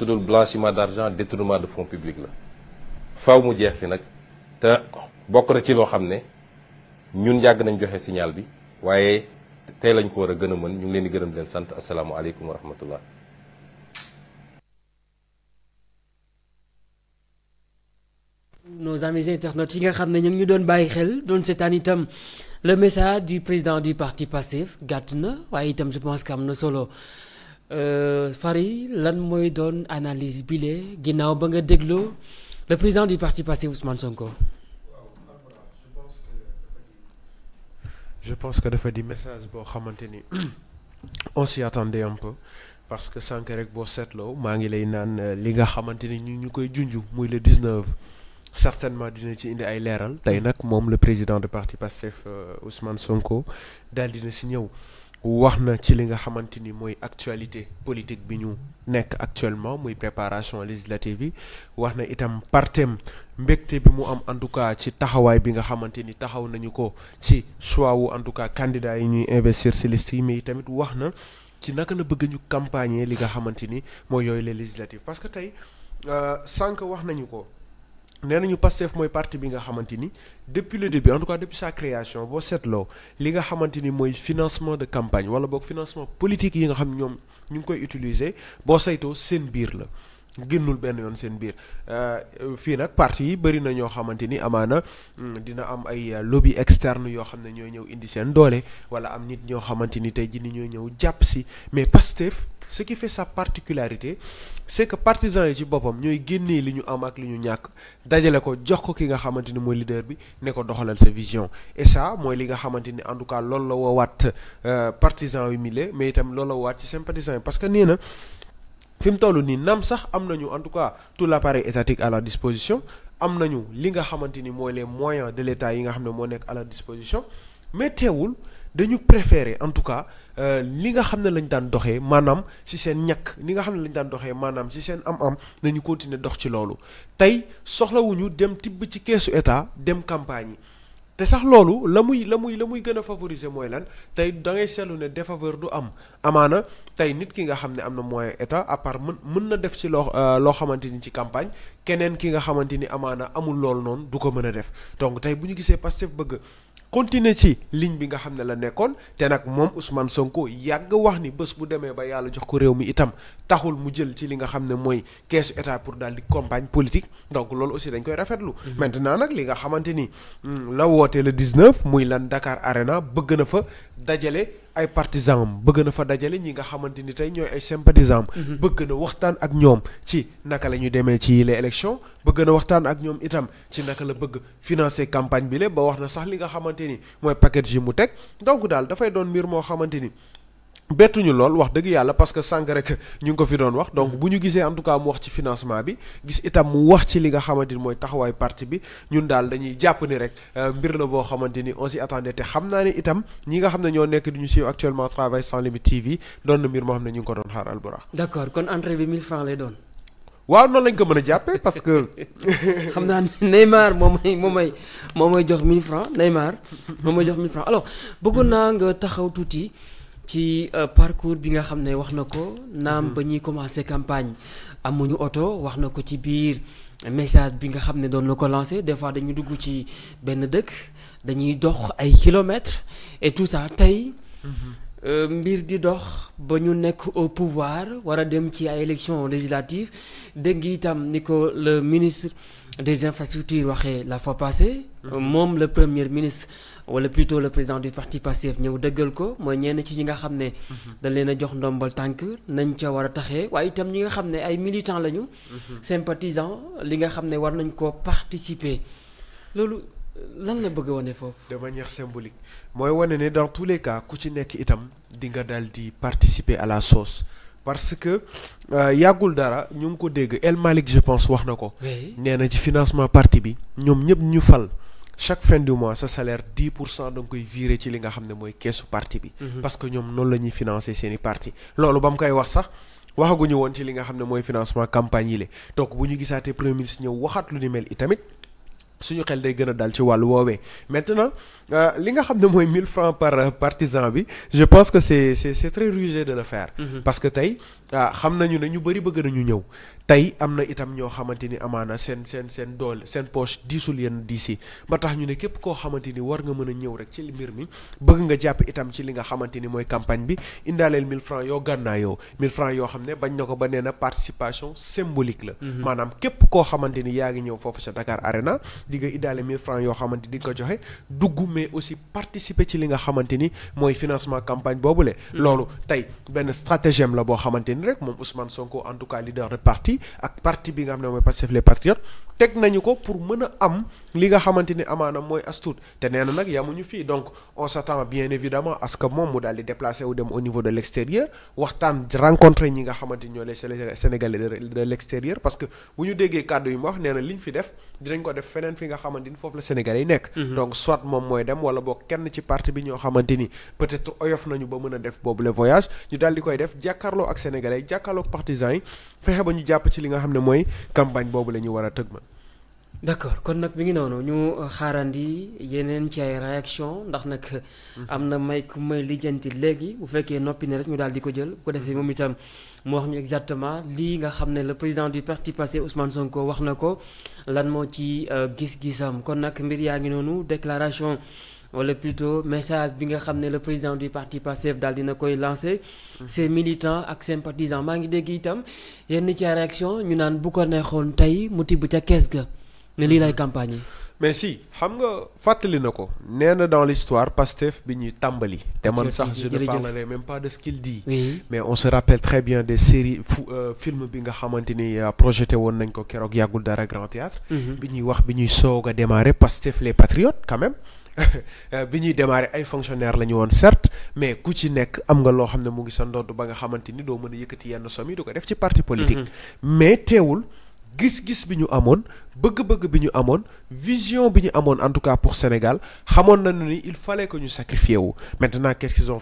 su dul blanchiment d'argent détournement de fonds publics la faw mu jeex fi nag te bokk na ci loo xam ne ñun yàgg nañ joxe signal bi waaye tey lañ ko war a gën a mën ñu ngi leen di gërëm leen sant asalaamualeykum wa rahmatullah nos amis internautes yi nga xam ne ñu ngi doon bàyyi xel doon seetaan itam le message du président du parti Pastef gàtt na waaye itam je pense que am na solo Euh, Fary lan mooy doon analyse bile ginnaaw ba nga dégloo le président du parti passé Ousmane Sonko. je pense que dafa di message boo xamante ni on s'y attendait un parce que sànq rek boo seetloo maa ngi lay naan euh, li nga xamante ni ñu ñu koy junj muy le 19 certainement dina ci indi ay leeral tey nag moom le président de parti Pastef euh, Ousmane Sonko daal dina si ñëw. wax na ci li nga xamante ni mooy actualité politique bi ñu nekk actuellement muy préparation législative yi wax na itam partem mbégte bi mu am en tout cas ci taxawaay bi nga xamante ni taxaw nañu ko ci choix wu en tout cas candidat yi ñuy investir ci liste yi tamit wax na ci naka la bëgg ñu campagner li nga xamante ni mooy yooyu les législatives parce que tey euh, sànq wax nañu ko. nee nañu Pastef mooy parti bi nga xamante ni depuis le début en tout cas sa création boo seetloo li nga xamante ni mooy financement de campagne wala boog financement politique yi nga xam ñoom ñu ngi koy utiliser boo saytoo seen biir la génnul benn yoon seen biir euh, fii nag parti yi bëri na ñoo xamante ni amaana hmm, dina am ay euh, lobby externe yoo xam ne ñooy ñëw indi seen doole wala am nit ñoo xamante ni tey jii ni ñooy ñëw jàpp si mais Pastef ce qui fait sa particularité c'est que partisans yi ci boppam ñooy génnee li ñu am ak li ñu ñàkk dajale ko jox ko ki nga xamante ni mooy leader bi ne ko doxalal sa vision et sa mooy li nga xamante ni en tout cas loolu la woowaat euh, partisans yi mile mais itam loolu la woowaat ci sympathisants yi parce que nee na. fi mu toll nii nam sax am nañu en tout cas tout l'appareil étatique à la disposition am nañu li nga xamante ni mooy les moyen de l'État yi nga xam ne moo nekk à la disposition mais dañu préférer en tout cas euh, li nga xam ne lañ daan doxee maanaam ci seen ñàkk li nga xam ne lañ daan doxee maanaam ci seen am-am nañu continuer dox ci loolu tey soxlawuñu dem tibb ci keesu état dem campagne te sax loolu la muy la muy la muy gën a favoriser mooy lan tey da ngay ne défaveur du am amaana tey nit ki nga xam ne am na moyen état à part mën mën na def ci loo euh, loo xamante ni ci campagne keneen ki nga xamante ni amaana amul loolu noonu du ko mën a def donc tey bu ñu gisee Pastef bëgg continuer ci ligne bi nga xam ne la nekkoon te nag moom Ousmane Sonko yàgg wax ni bés bu demee ba yàlla jox ko réew mi itam taxul mu jël ci li nga xam ne mooy keesu état pour daal di campagne politique donc loolu aussi dañ koy rafetlu. Mhm. maintenant nag li nga xamante ni hmm, la woote le 19 muy lan Dakar Arena bëgg na fa dajale. ay partisans bëgg na fa dajale ñi nga xamante ni tey ñooy ay sympathisants am mhm. bëgg na waxtaan ak ñoom ci naka la ñuy demee ci les élections bëgg na waxtaan ak ñoom itam ci naka la bëgg financer campagne bi la ba wax na sax li nga xamante ni mooy package yi mu teg donc daal dafay doon mbir moo xamante ni bettuñu lool wax dëgg yàlla parce que sànq rek ñu ngi ko fi doon wax donc bu ñu gisee en tout cas mu wax ci financement bi gis itam mu wax ci li nga xamante ni mooy taxawaay parti bi ñun daal dañuy jàpp ni rek euh, mbir la boo xamante ni on s'y te xam naa ne itam ñi nga xam ne ñoo nekk di ñu suivre actuellement travail sans limite TV doon mbir moo xam ne ñu ngi ko doon xaar Albourakh. d'accord kon entrée bi 1000 lay doon. waaw noonu lañ ko mën a jàppee parce que. xam naa Neymar moom moom mooy moom mooy jox 1000 francs Neymar moom mooy jox 1000 francs alors bëggoon naa nga taxaw tuuti. ci euh, parcours bi nga xam ne wax na ko naam mhm. ba ñuy commencé campagne amuñu oto wax na ko ci biir message bi nga xam ne doon na ko lancé des fois dañuy dugg ci benn dëkk dañuy dox ay kilomètres et tout ça tey mhm. Euh, mbir di dox ba ñu nekk au pouvoir war a dem ci ay élections législatives dégg itam ni ko le ministre des infrastructures waxee la fois passée mhm. euh, moom la premier ministre wala plutôt le président du parti Pastef ñëw dëggal ko mooy ñenn ci ñi nga xam ne mhm. dañ leen a jox ndombal tànk nañ ca war a taxee waaye itam ñi nga xam ne ay militants lañu mhm. sympathisants li nga xam ne war nañ koo participer loolu lan la bëgg a wane foofu. de manière symbolique mooy wane ne dans tous les cas ku ci nekk itam di nga daal di participer à la sauce parce que euh, yàggul dara ñu ngi ko dégg El Malick je pense wax na ko. nee na ci financement parti bi ñoom ñëpp ñu fal. chaque fin de mois sa salaire dix pour cent da nga koy virer ci li nga xam ne mooy keesu parti bi. Mhm. parce que ñoom noonu la ñuy financer seen i parti loolu ba mu sax waxaguñu woon ci li nga xam ne mooy financement campagne yi la donc bu ñu gisaatee premier ministre ñëw waxaat lu ni mel itamit. suñu xel day gën a dal ci wàllu woowee maintenant euh, li nga xam ne mooy mille francs par euh, partisan bi je pense que c'est c'est c'est très rusé de le faire. Mm-hmm. parce que tey ah, xam na ñu ne ñu bari bëgg nañu ñëw tey am na itam ñoo xamante ni amaana seen seen seen doole seen poche diisul yenn diis yi ba tax ñu ne képp koo xamante ni war nga mën a ñëw rek ci mbir mi bëgg nga jàpp itam ci li nga xamante ni mooy campagne bi indaaleel 1000 francs yoo gànnaa yow 1000 francs yoo xam ne bañ na ko ba nee na participation symbolique la mhm. maanaam képp koo xamante ni yaa ngi ñëw foofu sa Dakar Arena di nga indaale 1000 yoo xamante di nga ko joxe dugg mais aussi participer ci li nga xamante ni mooy financement campagne boobule mhm. loolu tey benn stratagème la boo xamante ni rek moom Ousmane Sonko en tout cas leader de parti ak parti bi nga xam ne mooy Pastef les patriotes teg nañu ko pour mën a am li nga xamante ni amaanam mooy astuut te nee na nag ñu fii donc on s'attend bien évidemment à ce que moom mu daal di déplacé wu dem au niveau de l'extérieur waxtaan rencontré ñi nga xamante ni ñoo les sénégalais de l'extérieur parce que bu ñu déggee kàddu yu ma wax nee liñ fi def dinañ ko def feneen fi nga xamante ni foofu la sénégalais yi nekk mm-hmm. donc soit moom mooy dem wala boog kenn ci parti bi ñoo xamante ni peut-être oyof nañu ba mën a def boobu le voyage ñu daal di koy def jàkkaarloo ak sénégalais ak partisans yi fexe ba ñu ci li nga xam ne mooy campagne boobu la ñu war a tëg ma d'accord kon nag mi ngi noonu ñu xaarandi yeneen ci ay réaction ndax nag am na may ku may lijjanti léegi bu fekkee noppi ni rek ñu daal di ko jël bu ko defee moom itam mu wax ñu exactement lii nga xam ne le président du parti Pastef Ousmane Sonko wax na ko lan moo ci euh, gis-gisam kon nag mbir yaa ngi noonu déclaration wala plutôt message bi nga xam ne le président du parti Pastef daal dina koy lancé ses militants ak seen sympathisants maa ngi dégg itam yenn ci réaction ñu naan bu ko neexoon tey mu tibb ca kees ga ne lii lay campagne yi mais si xam nga fàttali na ko nee na dans l'histoire Pastef bi ñuy tàmbali te man sax je ne parlerai même pas de mais on se rappelle très bien des séries euh, bi nga xamante ni euh, projeté woon nañ ko keroog yàggul dara Grand Théâtre mhm. bi ñuy wax bi ñuy soog a démarrer Pastef les patriotes quand même euh, bi ñuy démarrer ay fonctionnaires la ñu woon sert mais ku ci nekk am nga loo xam ne mu ngi sa ba nga xamante ni doo mën a yëkkati yenn somme yi du ko def ci parti politique mhm. mais teewul gis-gis bi ñu amoon bëgg-bëgg bi ñu amoon vision bi ñu amoon en tout cas pour Sénégal xamoon na ni il fale que ñu sacrifier wu maintenant qu'est-ce qu'ils ont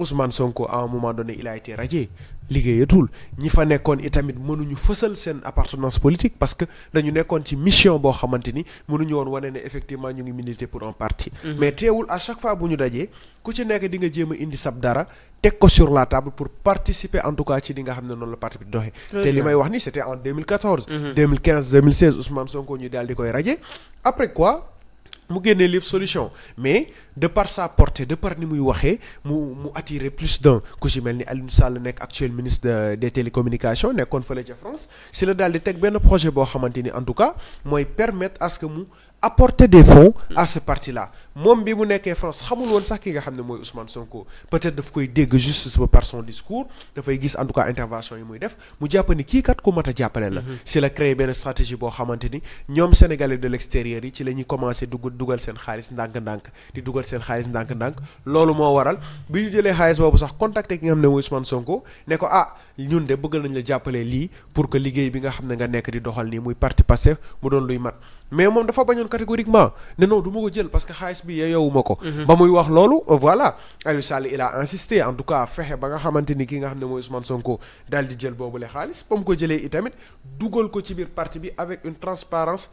Ousmane Sonko à un moment donné il a été radié liggéeyatul ñi fa nekkoon itamit mënuñu fësal seen appartenance politique parce que dañu nekkoon ci mission boo xamante ni mënuñu woon wane ne effectivement ñu ngi militer pour un parti. Mhm. mais teewul à chaque fois bu ñu dajee ku ci nekk di nga a indi sab dara teg ko sur la table pour participer en tout cas ci li nga xam ne noonu la parti bi doxee. te li may wax ni c'était en 2014. Mhm. Sonko ñu daal di koy de par sa portée de par ni muy waxee mu mu attirer plus d'un ku mel ni Alioune Sall nekk actuel ministre des télécommunications nekkoon fële ca France si la daal di teg benn projet boo xamante ni en tout cas mooy permettre à ce que mu apporter des fonds à ce parti là moom bi mu nekkee France xamul woon sax ki nga xam ne mooy Ousmane Sonko peut-être daf koy dégg juste par son discours dafay gis en tout cas intervention yi muy def mu jàpp ni kii kat ku mat a jàppale la mm-hmm. si la xamante ni ñoom sénégalais de l'extérieur yi ci la ñuy commencer dugg dugal seen xaalis ndànk-ndànk di dugal seen xaalis ndànk-ndànk loolu moo waral bi jëlee xaalis boobu sax contacté ki nga xam ne mooy Ousmane Sonko ne ko ah ñun de bëgg nañ la jàppale lii pour que liggéey bi nga xam ne nga nekk di doxal nii muy parti Pastef mu doon luy mat mais moom dafa bañoon catégoriquement ne non du ma ko jël parce que xaalis bi yeyoowuma ko mhm. ba muy wax loolu voilà Aliou Sall il a insisté en tout cas fexe ba nga xamante ni ki nga xam ne mooy Ousmane Sonko daal di jël boobule xaalis ba mu ko jëlee itamit dugal ko ci biir parti bi avec une transparence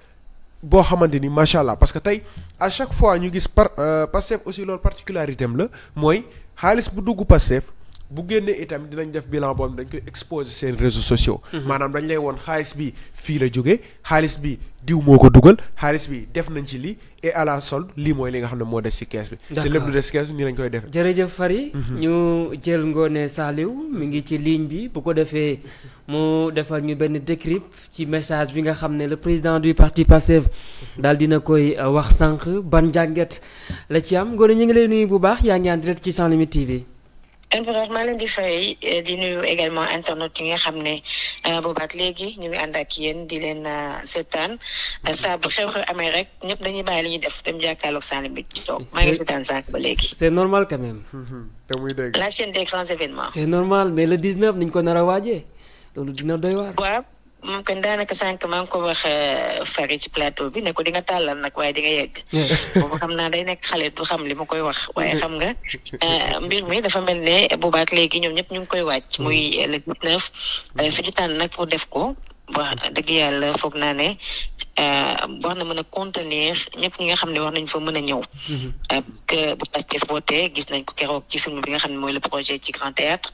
boo xamante ni macha allah parce que tey à chaque fois ñu gis par euh, Pastef aussi loolu particularité am la mooy xaalis bu dugg Pastef bu génnee itam dinañ def bilan boobu dañ koy exposer seen réseaux sociaux. Mhm. maanaam dañ lay woon xaalis bi fii la jógee xaalis bi diw moo ko dugal xaalis bi def nañ ci lii et à la solde lii mooy li nga xam ne moo des ci kees bi. te lépp lu des ci kees bi nii lañ koy defee. jërëjëf Fary. Mhm. ñu jël ngoone saaliw mi ngi ci ligne bi bu ko defee mu defal ñu benn décrypte ci message bi nga xam ne le président du parti Pastef daal dina koy euh, wax sànq ban njànget la ci am Ngoné ñu ngi lay nuyu bu baax yaa ngi en direct ci Sans Limites TV. Empereur maa leen di fay eh, di nuyu également internet yi nga xam ne eh, boobaat léegi ñu ngi ànd ak yéen di leen eh, seetaan saa bu xew-xew amee rek ñëpp dañuy bàyyi li ñuy def dem jàkkaarloog Salim bi ci toog maa ngi seetaan sànq ba léegi. c'est normal quand même. Mm-hmm. te muy dégg la chaîne des grands événements. c'est normal mais le 19 niñ ko nar a waajee loolu dina doy waar. moom kon daanaka sànq maa ngi ko wax euh, fari ci plateau bi ne ko di nga tàllal nag waaye di nga yegg. boobu xam naa day nekk xale du xam li ma koy wax. waaye xam nga euh, mbir mi dafa mel ne boobaak léegi ñoom ñëpp ñu ngi koy wàcc. muy le 19 euh, fi ñu tànn nag pour def ko. wax dëgg yàlla foog naa ne euh, war na mën a contenir ñëpp ñi nga xam ne war nañ fa mën a ñëw. Mhm. Euh, parce que bu Pastef wootee gis nañ ko keroog ci film bi nga xam ne mooy le projet ci Grand Théâtre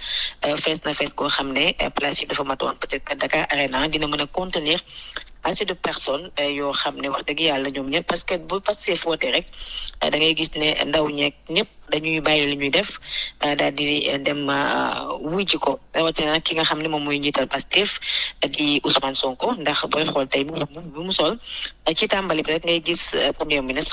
euh, fees na fees koo xam ne place yi dafa matoon peut-être que Dakar Arena dina mën a contenir. assez de personnes euh, yoo xam ne wax dëgg yàlla ñoom ñëpp parce que bu Pastef woote rek euh, da ngay gis ne ndaw ñeeg ñëpp dañuy bàyyi li ñuy def euh, daal di dem wuy ji ko rawatina ki nga xam ne moom mooy njiital Pastef di Ousmane Sonko ndax booy xool tey bu mu sol ci tàmbali bi rek ngay gis premier ministre